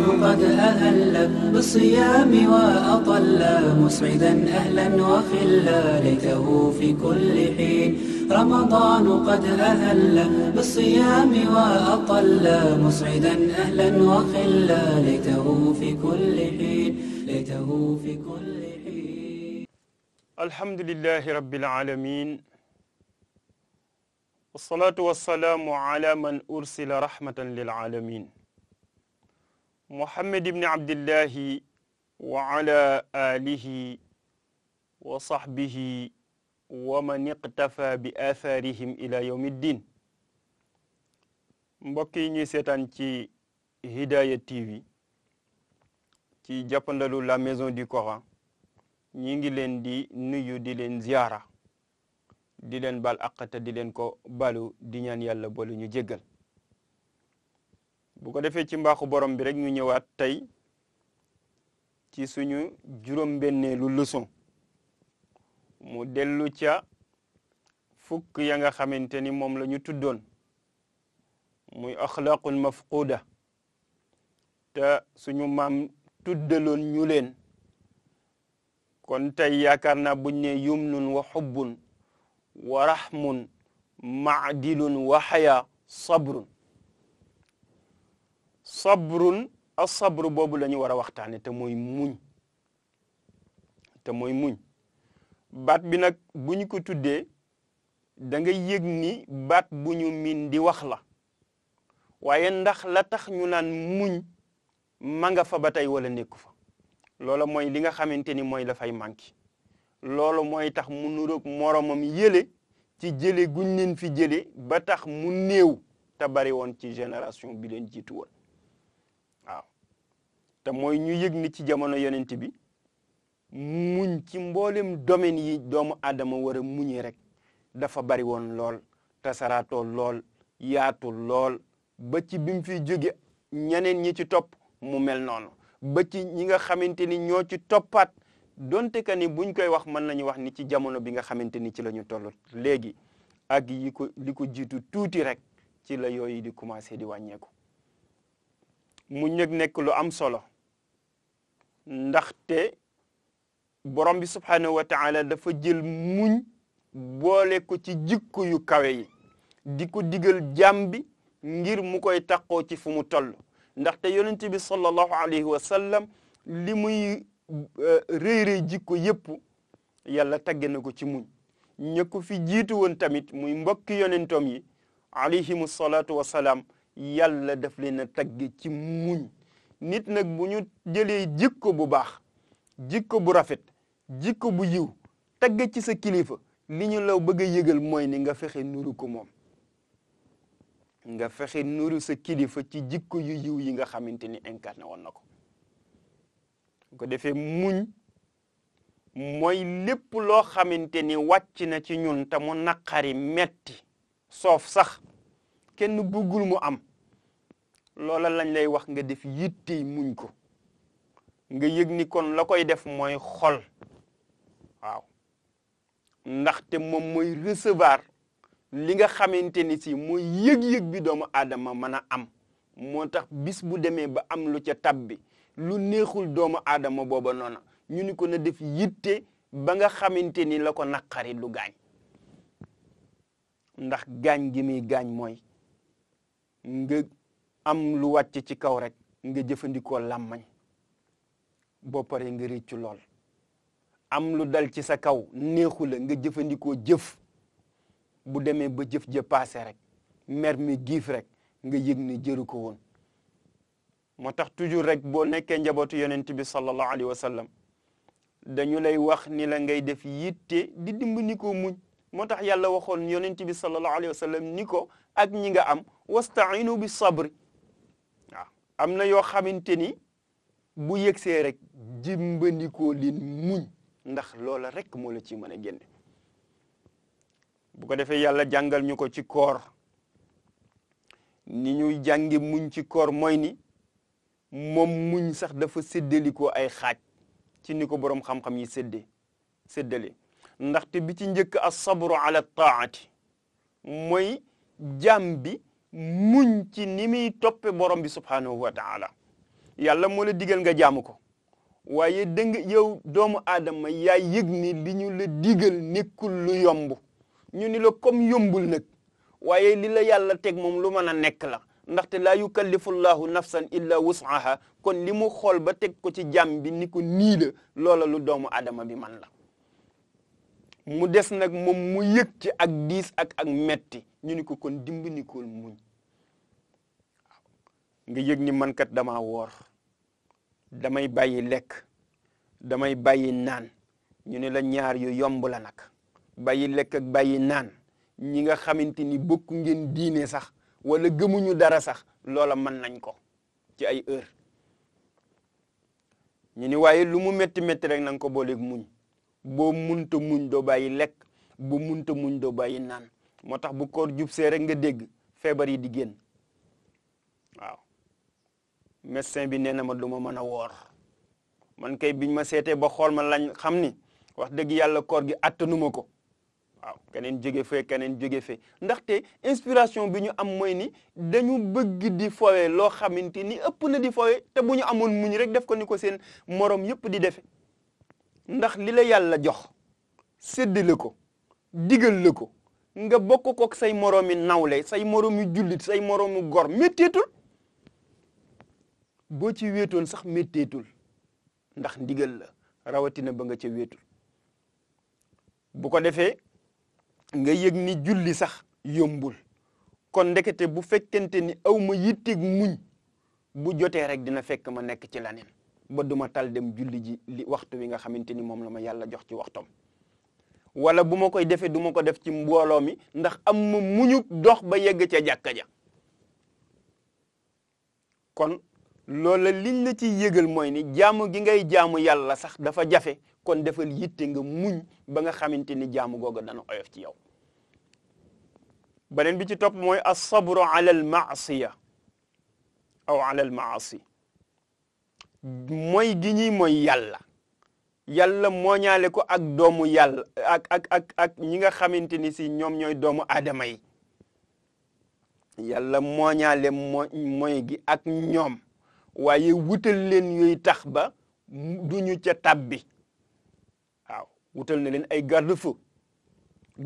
الجوع قد أهل بالصيام وأطل مسعدا أهلا وخلا ليته في كل حين رمضان قد أهل بالصيام وأطل مسعدا أهلا وخلا ليته في كل حين ليته في كل حين الحمد لله رب العالمين والصلاة والسلام على من أرسل رحمة للعالمين Muhammad ibn Abdillahi wa ala alihi wa sahbihi wa man iqtafa bi atharihim ila yawmi ddin mbokk yi ñuy seetaan ci Hidaya TV ci jàppandalu la maison du Coran ñi ngi leen di nuyu di leen ziyaara di leen baal di leen ko balu di ñaan yàlla boole ñu jéggal bu ko defee ci mbaaxu borom bi rek ñu ñëwaat tey ci suñu juróom-benneelu leçon mu dellu ca fukk ya nga xamante ni moom la ñu tuddoon muy axlaqul mafquda te suñu maam tuddaloon ñu leen kon tey yaakaar na buñ ne yumnun wa xubbun wa rahmun maadilun wa xaya sabrun sabrun as sabru boobu la ñu war a waxtaane te mooy muñ te mooy muñ baat bi nag bu ñu ko tuddee da nga yëg ni baat bu ñu miin di wax la waaye ndax la tax ñu naan muñ ma nga fa ba tey wala nekku fa loola mooy li nga xamante ni mooy la fay manqué loolu mooy tax mu nuroog moromam yële ci jële guñ leen fi jële ba tax mu néew te bari woon ci génération bi leen jiitu woon te mooy ñu yëg ni ci jamono yonent bi muñ ci mboolem domaine yi doomu aadama war a muñee rek dafa bari woon lool tasaraatoo lool yaatu lool ba ci bi fi jóge ñeneen ñi ci topp mu mel noonu ba ci ñi nga xamante ni ñoo ci toppaat donte que ni buñ koy wax mën nañu wax ni ci jamono bi nga xamante ni ci la ñu toll léegi ak yi ko li ko jiitu tuuti rek ci la yooyu di commencé di wàññeeku mu ñëg nekk lu am solo ndaxte borom bi subhanahu wa taala dafa jël muñ boole ko ci jikko yu kawe yi di ko digal jàmm bi ngir mu koy taqoo ci fu mu toll ndaxte yonent bi sallallahu alayhi wa sallam li muy euh, rëy jikko yépp yàlla tagge na ko ci muñ ña ko fi jiitu woon tamit muy mbokki yonentom yi alayhimu salaatu wa yàlla daf leen a tagge ci muñ nit nag bu ñu jëlee jikko bu baax jikko bu rafet jikko bu yiw tagge ci sa kilifa li ñu la bëgg a yëgal mooy ni nga fexe nuru ko moom nga fexe nuru sa kilifa ci jikko yu yiw yi nga xamante ni incarné woon na ko ko defee muñ mooy lépp loo xamante ni wàcc na ci ñun te naqari metti soof sax kenn buggul mu am loola lañ lay wax nga def yittey muñ ko nga yëg ni kon la koy def mooy xol waaw ndaxte moom mooy recevoir li nga xamante ni si mooy yëg-yëg bi doomu aadama mën a am moo tax bis bu demee ba am lu ca tab bi lu neexul doomu aadama booba noona ñu ni ko na def yitte ba nga xamante ni la ko naqari du gaañ ndax gaañ gi mi gaañ mooy am lu wàcc ci kaw rek nga jëfandikoo làmmañ boo paree nga réccu lool am lu dal ci sa kaw neexu nga jëfandikoo jëf bu demee ba jëf ja paase rek mer mi giif rek nga yëg ne jëru ko woon moo tax toujours rek boo nekkee njabootu yonent bi sallallahu alayhi wa sallam dañu lay wax ni la ngay def yitte di dimbali ko muñ moo tax yàlla waxoon yonent bi sallallahu alayhi wa sallam ni ko ak ñi nga am wastainu bi sabri am na yoo xamante ni bu yegsee rek jimbandikoo leen muñ ndax loola rekk moo la ci mën a génne bu ko defee yàlla jàngal ñu ko ci koor ni ñuy jànge muñ ci koor mooy ni moom muñ sax dafa ko ay xaaj ci ni ko boroom xam-xam yi seddali séddale ndaxte bi ci njëkk as sabru ala taati mooy jaam bi muñ ci ni muy toppe borom bi subhaanahu wa taala yàlla moo la diggal nga jaamu ko waaye danga yow doomu aadama yaa yëg ni li ñu la digal nekkul lu yomb ñu ni la comme yombul nag waaye li la yàlla teg moom lu mën a nekk la ndaxte laa yukallifu llahu nafsan illa wusaha kon li mu xool ba teg ko ci jàmm bi ni ko nii la loola lu doomu aadama bi man la mu des nag moom mu yëg ci ak diis ak ak metti ñu ni ko kon dimbali ko muñ nga yëg ni man kat dama woor damay bàyyi lekk damay bàyyi naan ñu ne la ñaar yu yomb la nag bàyyi lekk bàyyi naan ñi nga xamante ni bokk ngeen diine sax wala gëmuñu dara sax loola mën nañ ko ci ay heure ñu ni waaye lu mu métti métti rek na ko booleeg muñ boo munta muñ doo bàyyi lekk boo munta muñ doo bàyyi naan moo tax bu koor jub see rek nga dégg feebar yi di génn waaw médecin bi nee na ma duma ma mën a woor man kay biñ ma seetee ba xool ma lañ xam ni wax dëgg yàlla koor gi attanuma ko waaw keneen jóge fee keneen jóge fee ndaxte inspiration bi ñu am moy ni dañu bëgg di fowe loo xamante ni ëpp na di fowe te bu ñu amoon muñ rek def ko ni ko seen moroom yëpp di defe ndax li la yàlla jox séddale ko diggal la ko nga bokk kook say moroomi nawle say moroomi jullit say moroomi gor métteetul boo ci wéetoon sax métteetul ndax ndigal la rawatina ba nga ca wéetul bu ko defee nga yëg ni julli sax yombul kon ndekete bu fekkente ni awma ma yitteeg muñ bu jotee rek dina fekk ma nekk ci laneen ba duma tal dem julli ji li waxtu wi nga xamante ni moom la ma yàlla jox ci waxtoom wala bu ma koy defee du ma ko def ci mbooloo mi ndax am ma muñu dox ba yegg ca jàkka ja kon loola liñ la ci yëgal mooy ni jaamu gi ngay jaamu yàlla sax dafa jafe kon defal yitte nga muñ ba nga xamante ni jaamu googa dana oyof ci yow beneen bi ci topp mooy as-sabru ala al aw ala al-ma'asi mooy gi ñuy mooy yàlla yàlla mooñaale ko ak doomu yàlla ak ak ak ak ñi nga xamante ni si ñoom ñooy doomu aadama yi yàlla mooñaale moo mooy gi ak ñoom waaye wutal leen yooyu tax ba duñu ca tàbbi waaw wutal na leen ay garde-feu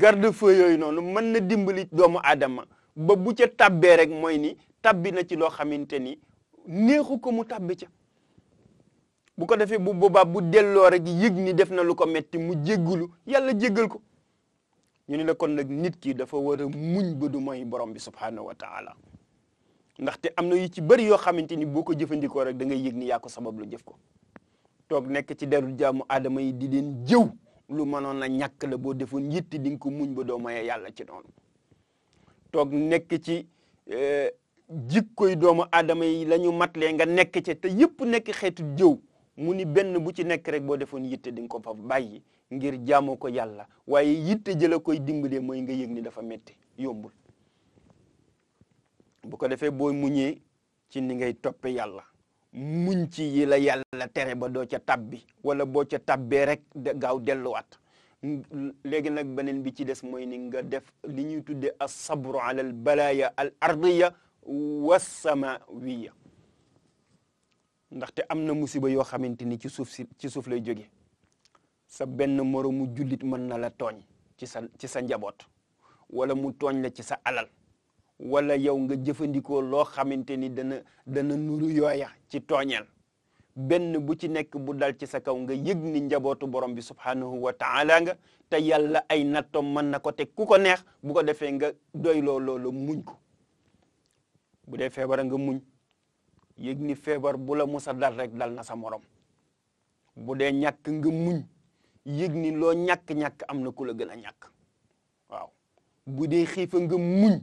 garde-feu yooyu noonu mën na dimbali doomu aadama ba bu ca tàbbee rek mooy ni tàbbi na ci loo xamante ni néexu ko mu tàbbi ca bu ko defee bu boobaa bu delloo rek yëg ni def na lu ko metti mu jéggulu yàlla jéggal ko ñu ni la kon nag nit ki dafa war a muñ ba du mooy borom bi subhaanahu wa taala ndaxte am na yu ci bëri yoo xamante ni boo ko jëfandikoo rek da ngay yëg ni yaa ko sabab lu jëf ko toog nekk ci deru jaamu aadama yi di leen jëw lu mënoon a ñàkk la boo defoon yitti di muñ ba doo moye yàlla ci noonu toog nekk ci eh, jikkoy doomu aadama yi lañu mat matlee nga nekk ci te yëpp nekk xeetu jëw mu ni benn bu ci nekk rek boo defoon yitte di nga ko fa bàyyi ngir jaamoo ko yàlla waaye yitte jëla koy dimbalee mooy nga yëg ni dafa metti yombul bu ko defee boo muñee ci ni ngay toppe yàlla muñ ci yi la tere ba doo ca tabbi wala boo ca tabbee rek gaaw delluwaat léegi nag beneen bi ci des mooy ni nga def li ñuy tudde as sabru ala al balaya al ardiya wa samawiya ndaxte am na musiba yoo xamante ni ci suuf si ci suuf lay jóge sa benn mu jullit mën na la tooñ ci sa ci sa njaboot wala mu tooñ la ci sa alal wala yow nga jëfandikoo loo xamante ni dana nuru yooya ci tooñeel benn bu ci nekk bu dal ci sa kaw nga yëg ni njabootu borom bi subhanahu wa nga te yàlla ay nattoom mën na ko teg ku ko neex bu ko defee nga doyloo loolu muñ ko bu dee feebara nga muñ yëg ni feebar bu la musa dal rek dal na sa morom bu dee ñàkk nga muñ yëg ni loo ñàkk-ñàkk am na ku la gën a ñàkk waaw bu dee xiif nga muñ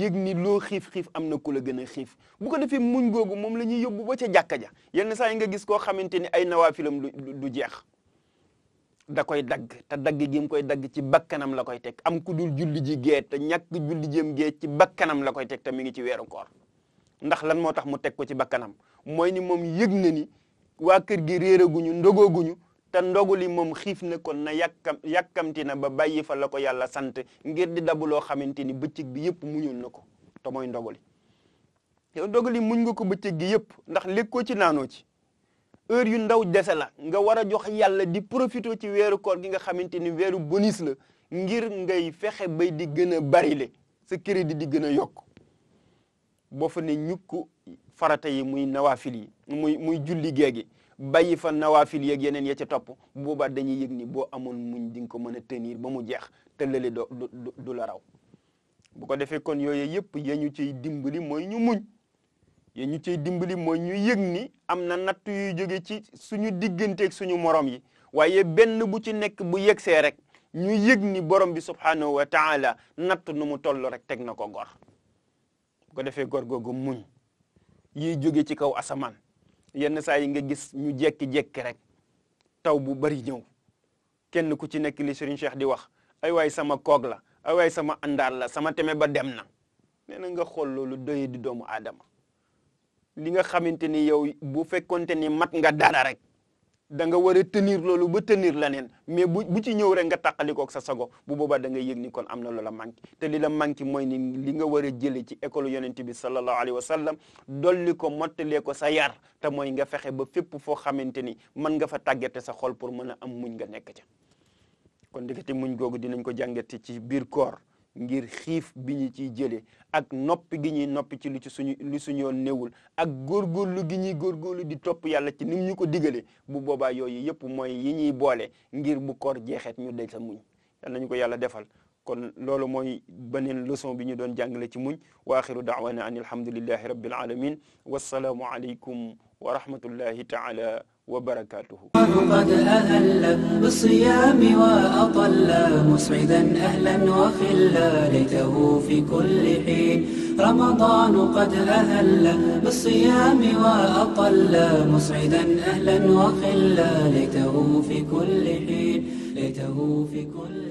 yëg ni loo xiif-xiif am na ku la gën a xiif bu ko defee muñ googu moom la ñuy yóbbu ba ca jàkka ja yenn saa yi nga gis koo xamante ni ay nawaafilam du jeex da koy dagg te dagg gi koy dagg ci bakkanam la koy teg am ku dul julli ji gee te ñàkk julli jëm gee ci bakkanam la koy teg te mi ngi ci weeru koor ndax lan moo tax mu teg ko ci bakkanam mooy ni moom yëg na ni waa kër gi réeraguñu ndogooguñu te ndogu li moom xiif na kon na yàkkam yàkkamti na ba bàyyi fa la ko yàlla sant ngir di dabu loo xamante ni bëccëg bi yëpp muñul na ko te mooy ndogu li yow ndogu li muñ nga ko bëccëg gi yëpp ndax lekkoo ci naanoo ci heure yu ndaw dese la nga war a jox yàlla di profité ci weeru koor gi nga xamante ni weeru bonus la ngir ngay fexe bay di gën a bari le sa crédit di gën a yokk boo fa ne ñukk farata yi muy nawafil yi muy muy julli géegi bàyyi fa nawafil yeeg yeneen ya ca topp boobaa dañuy yëg ni boo amoon muñ di nga ko mën a tenir ba mu jeex te lële do du la raw bu ko defee kon yooyu yëpp ya ñu ciy dimbali mooy ñu muñ ya ñu ciy dimbali mooy ñu yëg ni am na natt yuy jóge ci suñu digganteeg suñu morom yi waaye benn bu ci nekk bu yegsee rek ñu yëg ni borom bi subhanahu wa taala natt nu mu toll rek teg na ko gor ko defee góor googu muñ yiy jóge ci kaw asamaan yenn saa yi nga gis ñu jékki jékki rek taw bu bari ñëw kenn ku ci nekk li Serigne Cheikh di wax ay waay sama koog la ay waay sama àndaar la sama teme ba dem na nee na nga xool loolu doye di doomu aadama li nga xamante ni yow bu fekkonte ni mat nga dara rek da nga war a tenir loolu ba tenir neen mais bu bu ci ñëw rek nga tàqalikook sa sago bu boobaa da nga yëg ni kon am na loola manqué te li la manqué mooy ni li nga waree a jëlee ci école yonent bi sallallahu alayhi wa sallam dolli ko mottalee ko sa yar te mooy nga fexe ba fépp foo xamante ni mën nga fa tàggate sa xol pour mën a am muñ nga nekk ca kon ndekete muñ googu dinañ ko jàngate ci biir koor ngir xiif bi ñu ciy jëlee ak noppi gi ñuy noppi ci lu ci suñu suñu yoon newul ak góorgóorlu gi ñuy góorgóorlu di topp yàlla ci nim ñu ko digalee bu boobaa yooyu yëpp mooy yi ñuy boole ngir bu koor jeexeet ñu daj muñ nañu ko yàlla defal kon loolu mooy beneen leçon bi ñu doon jàngale ci muñ wa axiru daawana an alhamdulillahi rabbil alamin wassalaamu aleykum wa rahmatullahi taala وبركاته قد أهل بالصيام وأطل مسعدا أهلا وخلا ليته في كل حين رمضان قد أهل بالصيام وأطل مسعدا أهلا وخلا ليته في كل حين ليته في كل